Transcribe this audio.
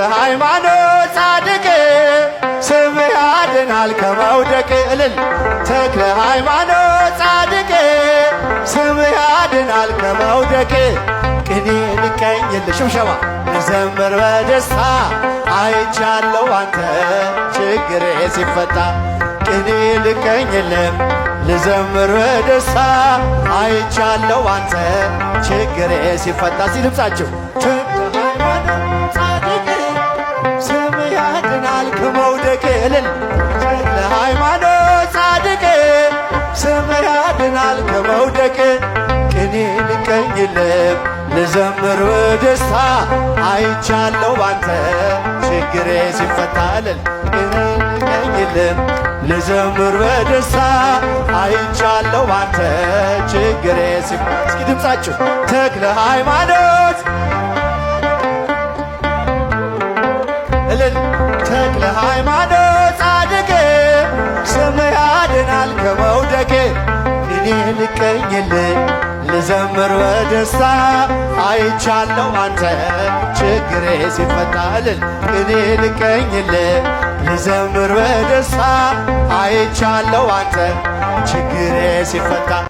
በሃይማኖት ጻድቅ ስም ያድናል ከመውደቅ እልል ተክለ ሃይማኖት ጻድቅ ስም ያድናል ከመውደቅ ቅኔ ንቀኝል ሽብሸባ ዘምር በደስታ አይቻለው አንተ ችግሬ ሲፈታ ቅኔ ልቀኝልም ልዘምር በደስታ አይቻለው አንተ ችግሬ ሲፈታ ሲልብጻችሁ እልል ለሃይማኖት ጻድቅ ስም ያድናል ከመውደቅ ቅኔ ልቀኝልም ልዘምር በደስታ አይቻለው ባንተ ችግሬ ሲፈታ እልል ቅኔ ልቀኝልም ልዘምር በደስታ አይቻለው ባንተ ችግሬ ሲፈታ እስኪ ድምፃችሁ ተክለ ሃይማኖት እልል ተክለ ሃይማኖት ያድናል ከመውደቄ እኔ ልቀኝልን ልዘምር በደስታ አይቻለው አንተ ችግሬ ሲፈታልል እኔ ልቀኝልን ልዘምር በደስታ አይቻለው አንተ ችግሬ ሲፈታ